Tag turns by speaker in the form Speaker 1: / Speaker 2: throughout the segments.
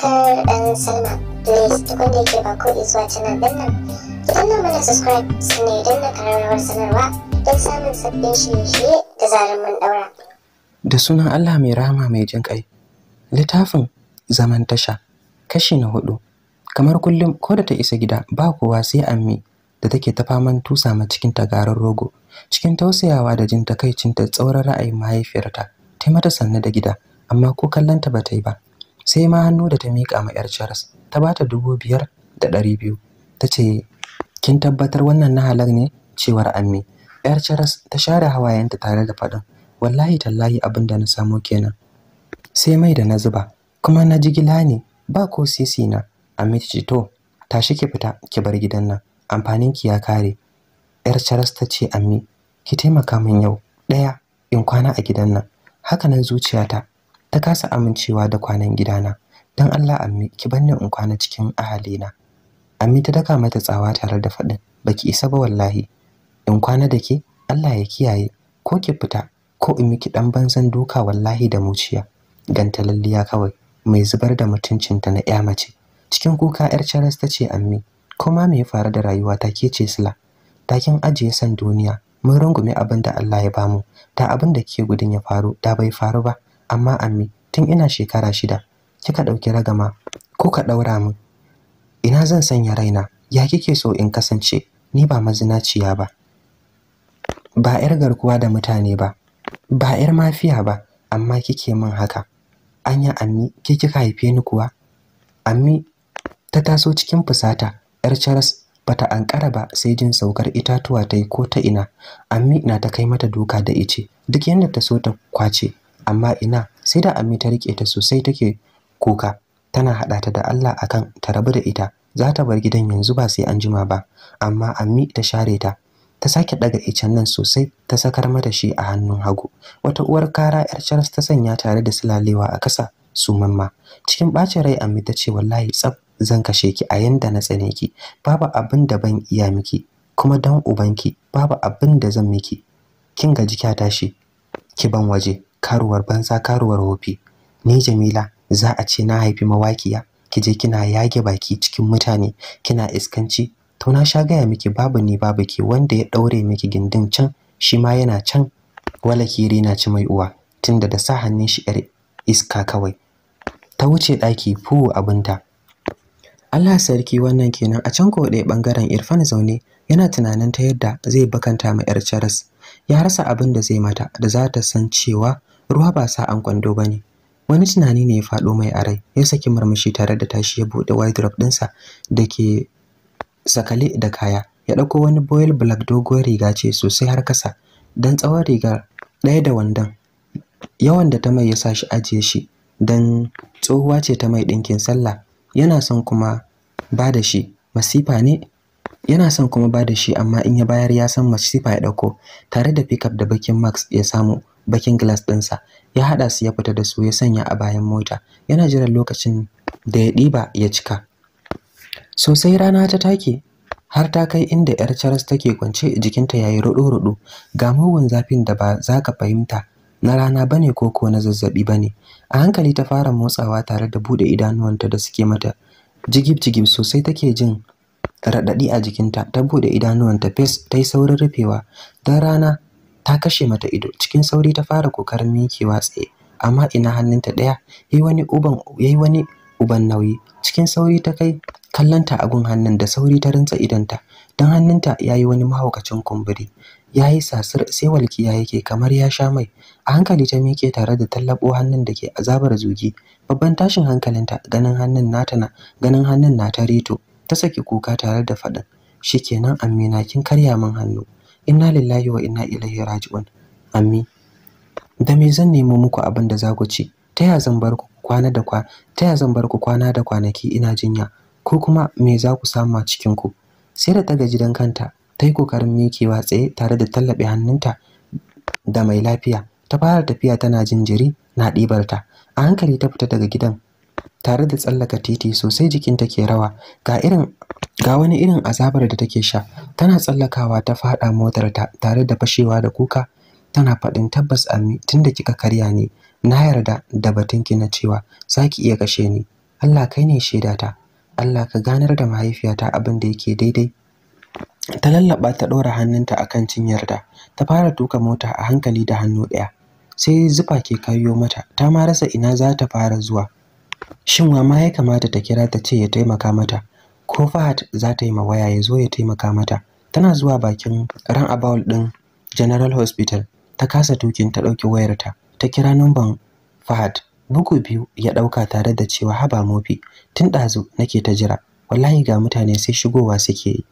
Speaker 1: subscribe and sign up. Please tukun da yake ba ko zuwa canal din nan. Ki danna mana subscribe sannan idan na kararrawar sanarwa don samun sabbin shirye-shirye da zarar mun daura. Da sunan Allah mai rama mai jin kai. Littafin zaman tasha kashi na hudu. Kamar kullum ko da ta isa gida ba kowa sai ammi da take ta faman tusa ma cikin tagarar rogo cikin tausayawa da jin takaicinta tsoron ra'ayin mahaifiyarta ta mata sanne da gida amma ko kallonta ba ta yi ba sai ma hannu da ta miƙa ma 'yar Charles ta ba ta dubu biyar da ɗari biyu ta ce kin tabbatar wannan na halar ne cewar ammi 'yar Charles ta share hawayenta tare da faɗin wallahi tallahi abin da na samo kenan sai mai da na zuba kuma na jigila ne ba ko sisi na ammi ce to tashi ki fita ki bar gidan nan amfanin ki ya kare yar Charles ta ce ammi ki taimaka min yau ɗaya in kwana a gidan nan hakanan zuciyata ta kasa amincewa da kwanan gidana don Allah ammi ki banni in kwana cikin ahalina ammi ta daka mata tsawa tare da faɗin baki isa ba wallahi in kwana da ke Allah ya kiyaye ko ki fita ko in miki dan banzan duka wallahi da muciya Ganta lalliya kawai mai zubar da mutuncinta na ya mace cikin kuka yar Charles ta ce ammi kuma me ya faru da rayuwa ta ke ce sila takin ajiye san duniya mun rungume abin da Allah ya bamu ta abin da ke gudun ya faru da bai faru ba amma ammi tun ina shekara shida kika ɗauki ragama Ko ka ɗaura min ina zan sanya raina ya kike so in kasance ni ba mazinaciya ba ba 'yar garkuwa da mutane ba ba 'yar mafiya ba amma kike min haka anya ammi ke kika haife ni kuwa ammi ta taso cikin fusata 'yar charas bata ankara ba sai jin saukar itatuwa ta yi ko ta ina ammi na ta kai mata doka da ice duk yadda ta so ta kwace amma ina sai da ammi ta rike ta sosai take kuka tana hada ta da Allah akan ta rabu da ita za ta bar gidan yanzu ba sai an jima ba amma ammi ta share ta ta sake daga icen nan sosai ta sakar mata shi a hannun hagu wata uwar kara yar Charles ta sanya tare da sulalewa a kasa su mamma cikin bacin rai ammi ta ce wallahi tsaf zan kashe ki a yanda na tsane ki babu abin da ban iya miki kuma dan ubanki babu abin da zan miki kin gaji kya tashi ki ban waje karuwar banza karuwar hofi ni Jamila za a ce na haifi mawakiya je kina yage baki cikin mutane kina iskanci to na sha gaya miki babu ni babu ki wanda ya daure miki gindin can shi ma yana can wala kiri na ci mai uwa tunda da sa hannun shi yar iska kawai ta wuce daki fu abinta Allah sarki wannan kenan a can ko ɗaya bangaren Irfan zaune yana tunanin ta yadda zai bakanta ma yar Charas ya rasa abin da zai mata da za ta san cewa ruwa ba sa an kwando ba ne wani tunani ne ya faɗo mai a rai ya saki marmashi tare da tashi ya buɗe wardrobe ɗinsa da ke sakale da kaya ya ɗauko wani boil black doguwar riga ce sosai har kasa don tsawon rigar ɗaya da wandon yawan da ta mai ya sa shi ajiye shi don tsohuwa ce ta mai ɗinkin sallah yana son kuma ba da shi masifa ne yana son kuma ba da shi amma in ya bayar ya san masifa ya ɗauko tare da pickup da bakin max ya samu bakin glass ɗinsa ya haɗa su ya fita da su ya sanya a bayan mota yana jiran lokacin da ya ɗiba ya cika sosai rana ta take har ta kai inda yar Charles take kwance jikinta yayi rudo-rudo ga mugun zafin da ba za ka fahimta na rana bane ko ko na zazzabi bane a hankali ta fara motsawa tare da bude idanuwanta da suke mata jigib-jigib sosai take jin radadi a jikinta ta bude idanuwanta fes ta saurin rufewa dan rana ta kashe mata ido cikin sauri ta fara kokarin mikewa tsaye amma ina hannunta ɗaya yayi wani uban yayi wani uban nauyi cikin sauri ta kai kallanta a gun hannun da sauri ta rinsa idonta don hannunta yayi wani mahaukacin kumburi yayi sasir sai walkiya yake kamar ya sha mai a hankali ta mike tare da tallabo hannun da ke azabar zugi babban tashin hankalinta ganin hannun nata na ganin hannun nata reto ta saki kuka tare da faɗin shikenan amina kin karya min hannu inna lillahi wa inna ilaihi raji'un amin da me zan nemo muku abin da zaku ci ta ya zan bar kwana da kwa ta ya zan bar kwana da kwanaki ina jinya ko kuma me za ku samu a cikin ku sai da ta gidan kanta ta yi kokarin mikewa tsaye tare da tallabe hannunta da mai lafiya ta fara tafiya tana jinjiri jiri na ɗibarta a hankali ta fita daga gidan tare da tsallaka titi sosai jikinta ke rawa ga irin ga wani irin azabar da take sha tana tsallakawa ta faɗa motar ta tare da fashewa da kuka tana faɗin tabbas ami tunda kika karya ne na yarda da batunki na cewa zaki iya kashe ni Allah kai ne ta, Allah ka ganar da mahaifiyata abin da yake daidai ta lallaba ta ɗora hannunta akan yarda, ta fara tuka mota a hankali da hannu ɗaya sai zufa ke kayo mata ta ma rasa ina za ta fara zuwa shin wa ma ya kamata ta kira ta ce ya taimaka mata ko Fahad za ta yi mawaya ya zo ya taimaka mata tana zuwa bakin ran abawal din General Hospital ta kasa tukin ta ɗauki wayarta ta kira numban Fahad bugu biyu ya ɗauka tare da cewa haba mofi tun ɗazu nake ta jira wallahi ga mutane sai shigowa suke yi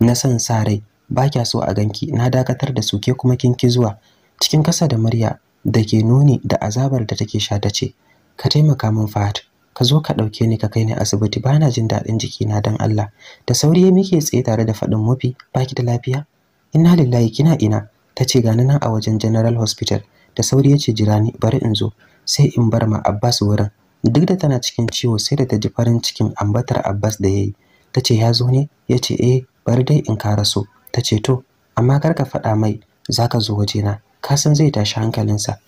Speaker 1: na san sa rai ba kya so a ganki na dakatar da su ke kuma kin ki zuwa cikin kasa da murya da ke nuni da azabar da take sha ta ce ka taimaka min Fahad ka zo ka ɗauke ni ka kai ni asibiti ba na jin daɗin jikina don Allah da sauri ya muke tsaye tare da faɗin mufi ba ki da lafiya inna lillahi kina ina ta ce gani nan a wajen general hospital da sauri ya ce jira ni bari in zo sai in bar ma Abbas wurin duk da tana cikin ciwo sai da ta ji farin cikin ambatar Abbas da yayi ta ce ya zo ne ya ce eh bari dai in kara so ta ce to amma kar ka faɗa mai za ka zo wajena ka san zai tashi hankalinsa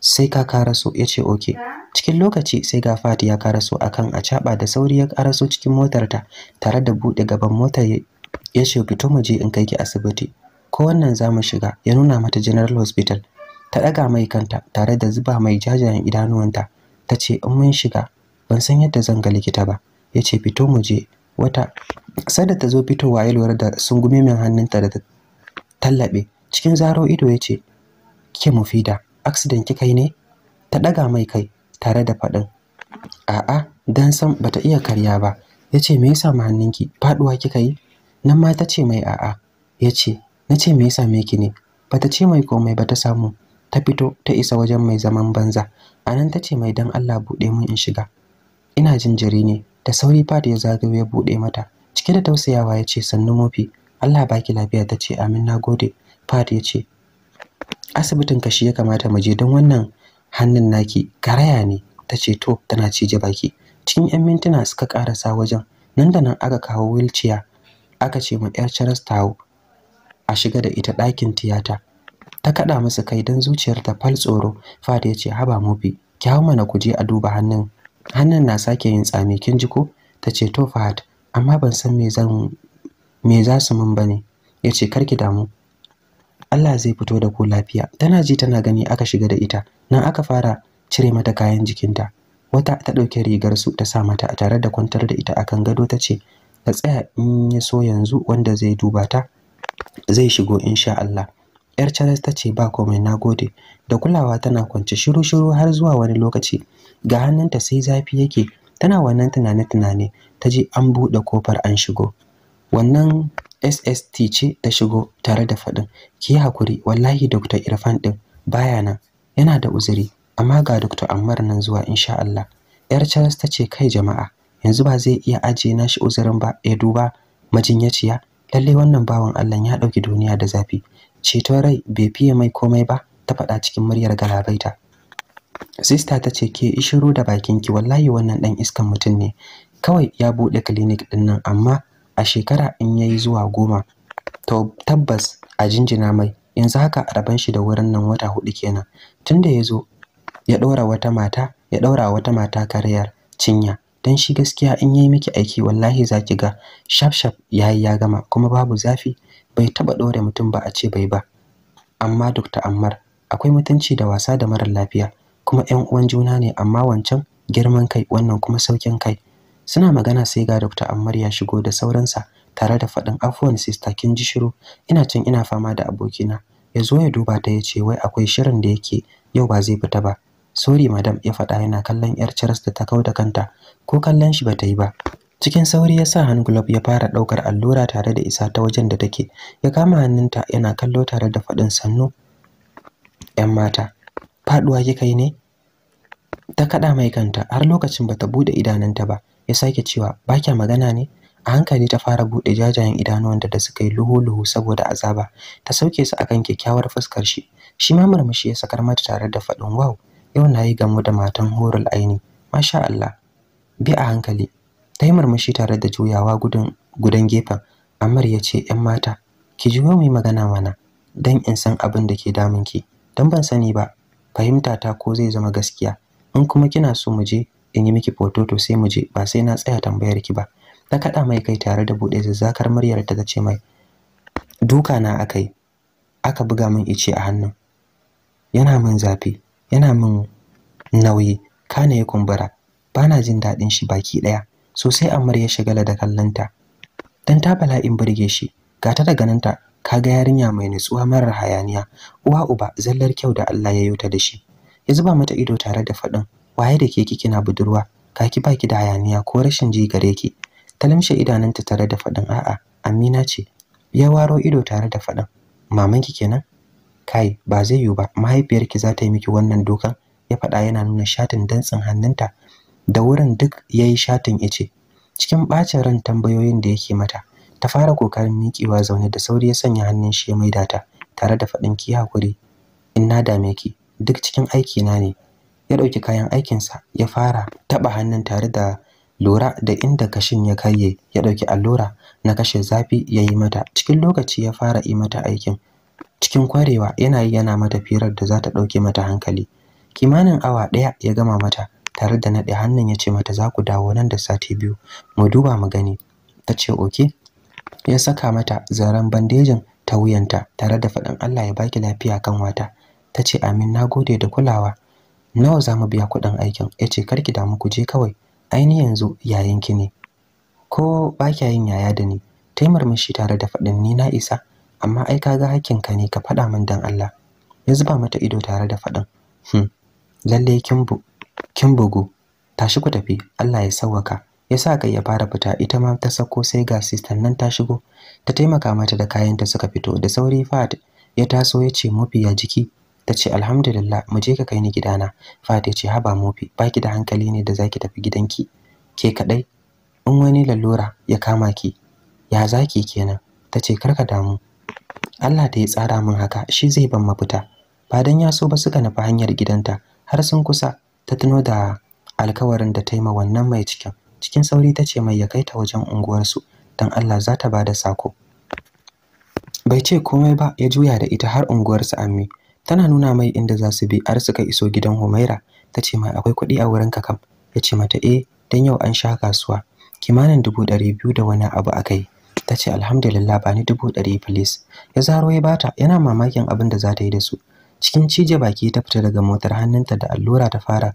Speaker 1: sai ka karaso ya ce oke cikin lokaci sai ga fati ya karaso akan a da sauri ya karaso cikin motarta tare da buɗe gaban motar ya ce fito mu je in kai ki asibiti ko wannan za mu shiga ya nuna mata general hospital ta ɗaga mai kanta tare da zuba mai jajayen idanuwanta ta ce in mun shiga ban san yadda zan ga likita ba ya ce fito mu je wata sada ta zo fitowa ya lura da min hannunta da ta tallaɓe cikin zaro ido ya ce ke mufida accident kika yi ne ta ɗaga mai kai tare da faɗin a'a dan san bata iya karya ba yace me yasa ma hannunki faduwa kika yi nan ma ta ce mai a'a yace nace me yasa miki ne bata ce mai komai ba ta samu ta fito ta isa wajen mai zaman banza anan ta ce mai dan Allah bude mun in shiga ina jin jiri ne da sauri fat ya zagayo ya bude mata cike da tausayawa yace sannu mofi Allah baki lafiya ta ce amin nagode ya yace asibitin kashi ya kamata mu je don wannan hannun naki karaya ne ta ce to tana cije baki cikin 'yan mintuna suka karasa wajen nan da nan aka kawo wilciya aka ce mu 'yar charles tawo a shiga da ita ɗakin tiyata ta kaɗa musu kai don zuciyar ta fal tsoro fada ya ce haba mufi kyawu mana ku je a duba hannun hannun na sake yin tsami kin ji ko ta ce to fahad amma ban san me za su min bane ya ce ki damu Allah zai fito da ko lafiya tana ji tana gani aka shiga da ita nan aka fara cire mata kayan jikinta wata ta ɗauki rigar su ta sa mata a tare da kwantar da ita akan gado ta ce ta tsaya in ya so yanzu wanda zai duba ta zai shigo insha Allah yar Charles ta ce ba komai nagode da kulawa tana kwance shiru shiru har zuwa wani lokaci ga hannunta sai zafi yake tana wannan tunane tunane ta ji an buɗe kofar an shigo wannan SST ce ta shigo tare da faɗin ki hakuri wallahi Dr. Irfan din baya nan yana da uzuri amma ga Dr. Ammar nan zuwa insha Allah yar Charles ta ce kai jama'a yanzu ba zai iya aje na shi uzurin ba ya duba majinyaciya lalle wannan bawan Allah ya dauki duniya da zafi ceton rai bai fiye mai komai ba ta faɗa cikin muryar galabaita Sista ta ce ke ishiro da bakinki wallahi wannan dan iskan mutum ne kawai ya bude clinic din nan amma a shekara in yayi zuwa goma to tabbas a jinjina mai yanzu haka a rabon shi da wurin nan wata hudu kenan tunda ya zo ya ɗora wata mata ya ɗaura wata mata karyar cinya dan shi gaskiya in yayi miki aiki wallahi za ki ga shaf shaf yi ya gama kuma babu zafi bai taba ɗore mutum ba a ce bai ba amma ta Ammar akwai mutunci da wasa da mara lafiya kuma 'yan uwan juna ne amma wancan girman kai wannan kuma saukin kai suna magana sai ga Dr. amarya shigo da sauransa tare da faɗin afuwan sister kin ji shiru ina cin ina fama da abokina ya zo ya duba ta ya ce wai akwai shirin da yake yau ba zai fita ba sorry madam ya faɗa yana kallon yar Charles da ta kau da kanta ko kallon shi ba ta yi ba cikin sauri ya sa hand glove ya fara ɗaukar allura tare da isa ta wajen da take ya kama hannunta yana kallo tare da faɗin sannu ‘yan mata faɗuwa kika yi ne ta kaɗa mai kanta har lokacin ba ta buɗe idanunta ba ya sake cewa ba kya magana ne a hankali ta fara buɗe jajayen idanuwan da suka yi luhu-luhu saboda azaba ta sauke su akan kyakkyawar fuskar shi shi ma murmushi ya sakar mata tare da faɗin wow yau na yi gamu da matan horul aini masha Allah bi a hankali ta yi murmushi tare da juyawa gudun gudan gefen Amar ya ce ‘yan mata ki juyo mu yi magana mana Dan in san abin da ke damun ki don ban sani ba fahimta ta ko zai zama gaskiya in kuma kina so mu je in yi miki foto to sai mu je ba sai na tsaya tambayar ki ba ta kaɗa mai kai tare da buɗe zazzakar muryar ta ce mai duka na akai aka buga min ice a hannun yana min zafi yana min nauyi kana ya kumbura Ba na jin daɗin shi baki ɗaya sosai amar ya shagala da kallonta dan ta bala'in burge shi ga ta daga nanta ka ga yarinya mai nutsuwa marar hayaniya uwa uba zallar kyau da Allah ya ta da shi ya zuba mata ido tare da faɗin waye da ke kina budurwa kaki baki da hayaniya ko rashin ji gare ki ta lamshe idanunta tare da faɗin a'a amina ce ya waro ido tare da faɗin mamanki kenan kai ba zai yiwu ba mahaifiyarki za ta yi miki wannan dokan ya faɗa yana nuna shatin dantsin hannunta da wurin duk yayi shatin ice cikin ɓacin ran tambayoyin da yake mata ta fara kokarin miƙewa zaune da sauri ya sanya hannun shi ya maida ta tare da faɗin ki hakuri in na dame ki duk cikin aiki na ne ya ɗauki kayan aikinsa ya fara taɓa hannun tare da lura da inda kashin ya karye ya ɗauki allura na kashe zafi ya yi mata cikin lokaci ya fara yi mata aikin cikin kwarewa yana yi yana mata firar da za ta ɗauke mata hankali kimanin awa ɗaya ya gama mata tare da naɗe hannun ya ce mata za ku dawo nan da sati biyu mu duba mu gani ta ce oke ya saka mata zaren bandejin ta wuyanta tare da faɗin Allah ya baki lafiya kan wata ta ce amin na gode da kulawa nawa za mu biya kuɗin aikin ya ce ki damu ku je kawai aini yanzu yayin ki ne ko ba kya yin yaya da ni ta yi tare da faɗin ni na isa amma ai hakkin ka ne ka faɗa min dan Allah ya zuba mata ido tare da faɗin hmm. lalle kin bugu tashi ku tafi Allah ya sauwaka ya sa kai ya fara fita ita ma ta sako sai ga sister nan ta shigo ta taimaka mata da kayanta suka fito da sauri Fat ya taso ya ce mafiya jiki ta ce alhamdulillah mu je ka kai ni gidana fatima ce haba mofi baki da hankali ne da zaki tafi gidanki ke kadai in wani lalura ya kama ki ya zaki kenan ta ce ka damu Allah da ya tsara min haka shi zai ban mafita ba dan ya so ba suka nufi hanyar gidanta har sun kusa ta tuno da alkawarin da ta yi wannan mai cikin cikin sauri ta ce mai ya kai ta wajen unguwarsu dan Allah za ta ba sako bai ce komai ba ya juya da ita har unguwarsu ammi tana nuna mai inda za su bi har suka iso gidan Humaira ta ce mai akwai kuɗi a wurinka kam ya ce mata eh dan yau an sha kasuwa kimanin dubu ɗari biyu da wani abu aka yi ta ce alhamdulillah ba ni dubu ɗari please ya zaro ya bata yana mamakin abin da za ta yi da su cikin cije baki ta fita daga motar hannunta da allura ta fara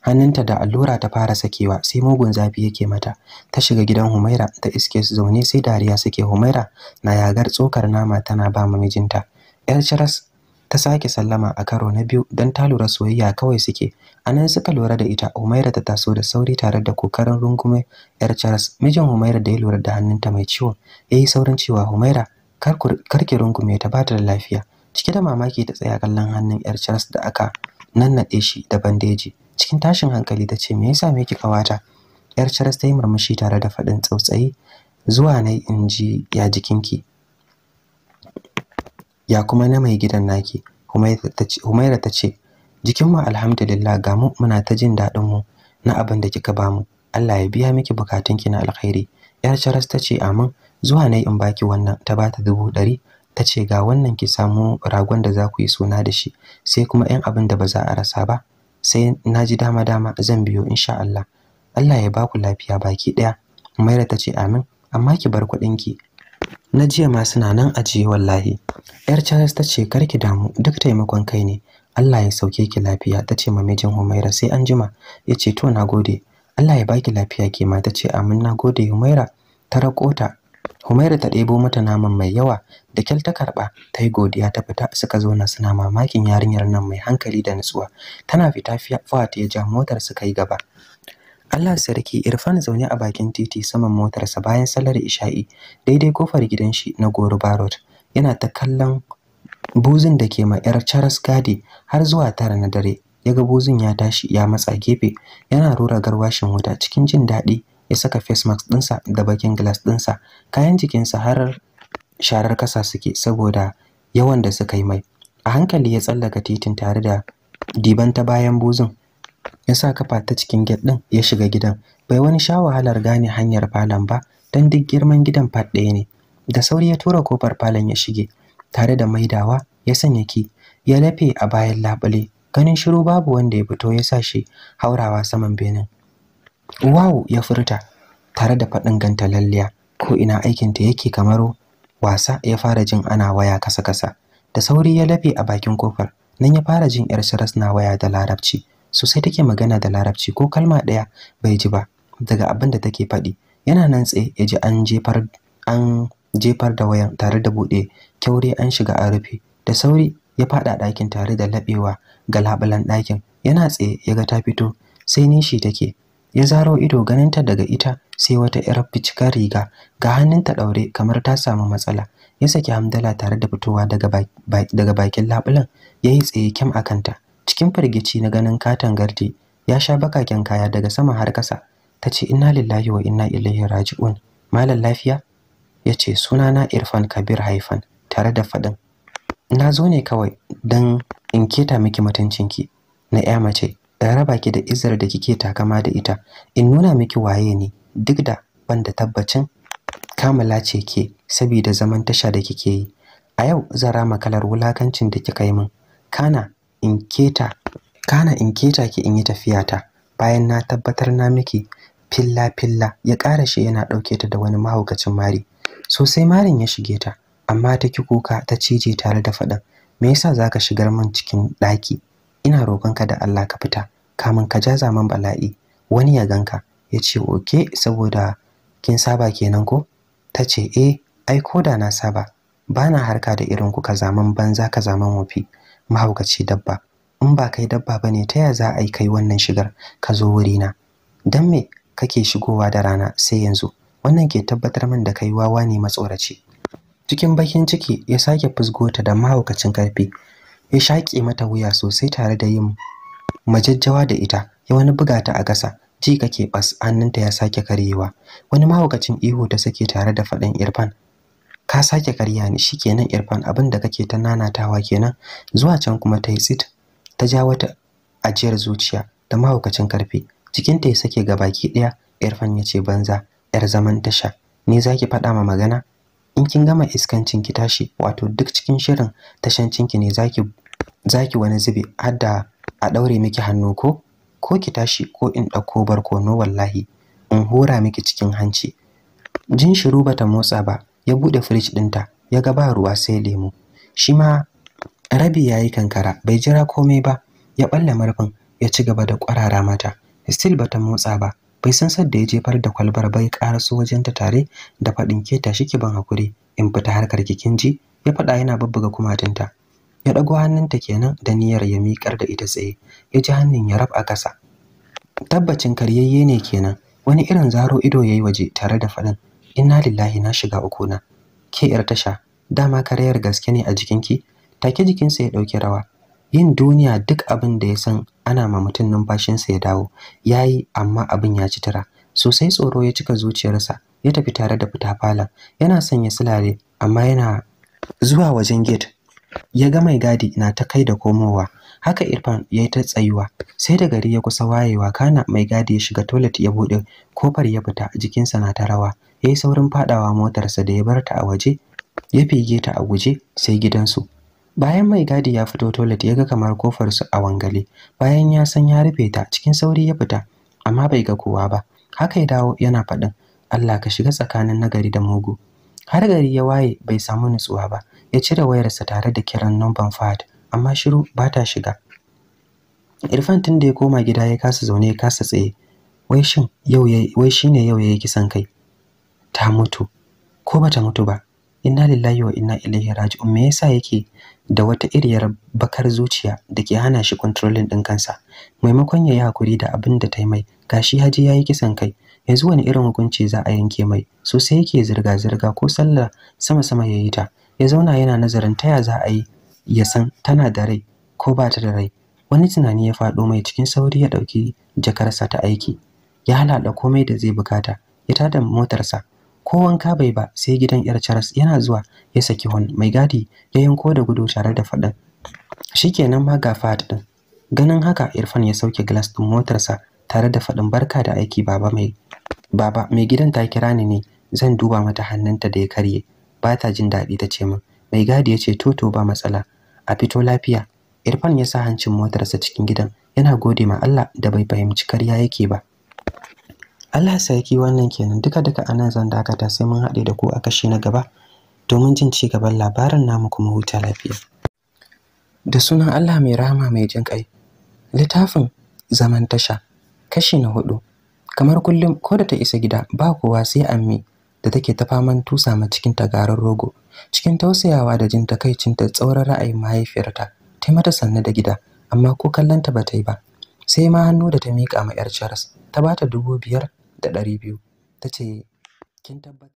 Speaker 1: hannunta da allura ta fara sakewa sai mugun zafi yake mata ta shiga gidan Humaira ta iske su zaune sai dariya suke Humaira na yagar tsokar nama tana ba mijinta yar charas ta sake sallama a karo na biyu don ta lura soyayya kawai suke a nan suka lura da ita umaira ta taso da sauri tare da kokarin rungume yar charles mijin umaira da ya lura da hannunta mai ciwon ya yi saurin cewa umaira karki rungume ta bata da lafiya cike da mamaki ta tsaya kallon hannun yar charles da aka nannaɗe shi da bandeji cikin tashin hankali ta ce me yasa me kika wata yar charles ta yi murmushi tare da faɗin tsautsayi zuwa na in ji ya jikinki ya kuma na mai gidan naki Humaira ta ce jikinmu alhamdulillah ga mu muna ta jin daɗinmu. na abin da kika bamu Allah ya biya miki bukatunki na alkhairi yar Charas ta ce amin zuwa nayi in baki wannan ta bata dubu ɗari ta ce ga wannan ki samu ragon da za ku yi suna da shi sai kuma yan abin da ba za a rasa ba sai na ji dama dama zan biyo insha Allah Allah ya baku lafiya baki ɗaya Humaira ta ce amin amma ki bar kuɗinki na jiya ma suna nan ajiye wallahi yar charles ta ce ki damu duk taimakon kai ne Allah ya sauke ki lafiya ta ce mamijin Humaira sai an jima ya ce to na gode Allah ya baki lafiya ke ma ta ce amin na gode Humaira ta rakota Humaira ta ɗebo mata naman mai yawa da kyal ta karɓa ta yi godiya ta fita suka zauna suna mamakin yarinyar nan mai hankali da nutsuwa tana fita ta ya ja motar suka yi gaba Allah sarki Irfan zaune a bakin titi saman motarsa bayan salar isha'i daidai kofar gidan shi na Goruba Road yana ta kallon buzin da ke ma yar Charles Gadi har zuwa tara na dare ya ga buzin ya tashi ya matsa gefe yana rura garwashin wuta cikin jin daɗi ya saka face mask ɗinsa da bakin glass ɗinsa kayan jikinsa har sharar kasa suke saboda yawan da suka yi mai a hankali ya tsallaka titin tare da diban ta bayan buzin. ya sa kafa ta cikin gate din ya shiga gidan bai wani sha wahalar gane hanyar falon ba don duk girman gidan fat ɗaya ne da sauri ya tura kofar falon ya shige tare da maidawa ya sanya ki ya lafe a bayan labule ganin shiru babu wanda ya fito ya sa shi haurawa saman benin wow ya furta tare da faɗin ganta lalliya, ko ina aikinta yake kamar wasa ya fara jin ana waya kasa kasa da sauri ya lafe a bakin kofar nan ya fara jin yar saras na waya da larabci sosai take magana da larabci ko kalma ɗaya bai ji ba daga abin da take faɗi yana nan tsaye ya ji an jefar an jefar da wayan tare da buɗe kyaure an shiga a rufe da sauri ya faɗa ɗakin tare da laɓewa ga labulan ɗakin yana tsaye ya ga ta fito sai nishi take ya zaro ido ganinta daga ita sai wata yar ficikar riga ga hannunta ɗaure kamar ta samu matsala ya saki hamdala tare da fitowa daga bakin labulan ya yi tsaye kyam a kanta cikin fargici na ganin katon gardi ya sha bakaken kaya daga sama har ƙasa ta ce inna lillahi wa inna ilaihi raji'un malam lafiya ya ce sunana irfan kabir haifan tare da faɗin na zo ne kawai don in keta miki mutuncinki na ya mace da raba ki da izar da kike takama da ita in nuna miki waye ne duk da ban da tabbacin kamala ce ke saboda zaman tasha da kike yi a yau zan rama kalar wulakancin da kika yi min kana in keta kana in keta ki in yi tafiyata bayan na tabbatar na miki filla filla ya ƙara shi yana ɗauke ta da wani mahaukacin mari sosai marin ya shige ta amma ta ki kuka ta cije tare da faɗin me yasa ka shigar min cikin ɗaki ina ka da Allah ka fita kamin ka ja zaman bala'i wani ya ganka ya ce oke saboda kin saba kenan ko ta ce eh ai ko da na saba bana harka da irin kuka zaman banza ka zaman wafi mahaukaci dabba in ba kai dabba bane ta ya za a yi kai wannan shigar ka zo wuri na, dan me kake shigowa da rana sai yanzu wannan ke tabbatar min da kai wawa ne matsoraci cikin bakin ciki ya sake fusgota da mahaukacin karfi ya shaƙe mata wuya sosai tare da yin majajjawa da ita ya wani buga ta a gasa, ji kake bas hannunta ya sake karyewa wani mahaukacin ihu da sake tare da faɗin irfan ka sake karya ni shikenan Irfan abin da kake ta nanatawa kenan zuwa can kuma ta yi tsit ta ja wata ajiyar zuciya da mahaukacin karfi cikin ya sake gabaki daya Irfan ya ce banza yar zaman tasha ni zaki faɗa ma magana in kin gama iskancin ki tashi wato duk cikin shirin tashancin ki ne zaki zaki wani zube har da a ɗaure miki hannu ko ko ki tashi ko in dauko barkono wallahi in hura miki cikin hanci jin shiru bata motsa ba ya bude firij dinta, ya ga ba ruwa sai lemu shi ma rabi yayi kankara bai jira komai ba ya ɓalla marfin ya ci gaba da kwarara mata still bata motsa ba bai san sadda ya jefar da kwalbar bai karaso wajen ta tare da faɗin keta tashi ban hakuri in fita harkar kikin ji ya faɗa yana bubbuga kumatinta ya ɗago hannunta kenan da niyyar ya mikar da ita tsaye ya ji hannun ya rab a ƙasa tabbacin karyayye ne kenan wani irin zaro ido yayi waje tare da faɗin inna lillahi na shiga uku na ke yar tasha dama karayar gaske ne a jikin ki? jikinki take sa ya dauki rawa yin duniya duk abin da ya san ana ma mutum sa ya dawo yayi amma abin ya ci tara sosai tsoro ya cika zuciyarsa ya tafi tare da fita falon yana son ya amma yana zuwa wajen gate ya ga mai gadi na ta kai da komowa haka Irfan ya yi ta tsayuwa sai da gari ya kusa wayewa kana mai gadi ya shiga toilet ya bude kofar ya fita jikinsa na ta rawa ya yi saurin faɗawa motarsa da ya bar ta a waje ya fige ta a guje sai gidansu bayan mai gadi ya fito toilet ya ga kamar kofar su a wangale bayan ya san ya rufe ta cikin sauri ya fita amma bai ga kowa ba haka ya dawo yana faɗin Allah ka shiga tsakanin nagari da mugu har gari ya waye bai samu nutsuwa ba ya cire wayarsa tare da kiran numban fad, amma shiru ba ta shiga Irfan tun da ya koma gida ya kasa zaune ya kasa tsaye wai shin yau wai shine yau yayi kisan kai ta mutu ko bata mutu ba inna lillahi wa inna ilaihi raji'un me yasa yake da wata iriyar bakar zuciya da ke hana shi controlling din kansa maimakon ya yi hakuri da abin da ta yi mai gashi haji ya yi kisan kai yanzu wani irin hukunci za a yanke mai so sai yake zirga-zirga ko sallah sama-sama ya yi ta ya zauna yana nazarin taya za a yi ya san tana da rai ko ba ta da rai wani tunani ya faɗo mai cikin sauri ya ɗauki jakarsa ta aiki ya halaɗa komai da zai bukata ya tada motarsa ko wanka bai ba sai gidan yar Charles yana zuwa ya saki hon mai gadi ya yanko da gudu tare da faɗin shikenan ma ga fat din ganin haka Irfan ya sauke glass din motarsa tare da faɗin barka da aiki baba mai baba mai gidan ta kira ni ne zan duba mata hannunta da ya karye ba ta jin daɗi ta ce min mai gadi ya ce to, to, ba matsala a fito lafiya Irfan ya sa hancin motarsa cikin gidan yana gode ma Allah da bai fahimci karya yake ba Allah ya saki wannan kenan duka duka anan zan dakata sai mun haɗe da ku a kashi na gaba domin jin ci gaban labarin namu kuma huta lafiya da sunan Allah mai rahama mai jin kai littafin zaman tasha kashi na hudu kamar kullum ko da ta isa gida ba kowa sai ammi da take ta faman tusa ma cikin tagarar rogo cikin tausayawa da jin takaicin ta tsauran ra'ayin mahaifiyarta ta mata sanne da gida amma ko kallon ta bata yi ba sai ma hannu da ta mika ma yar Charles ta bata dubu biyar da ɗari biyu ta ce kin tabbatar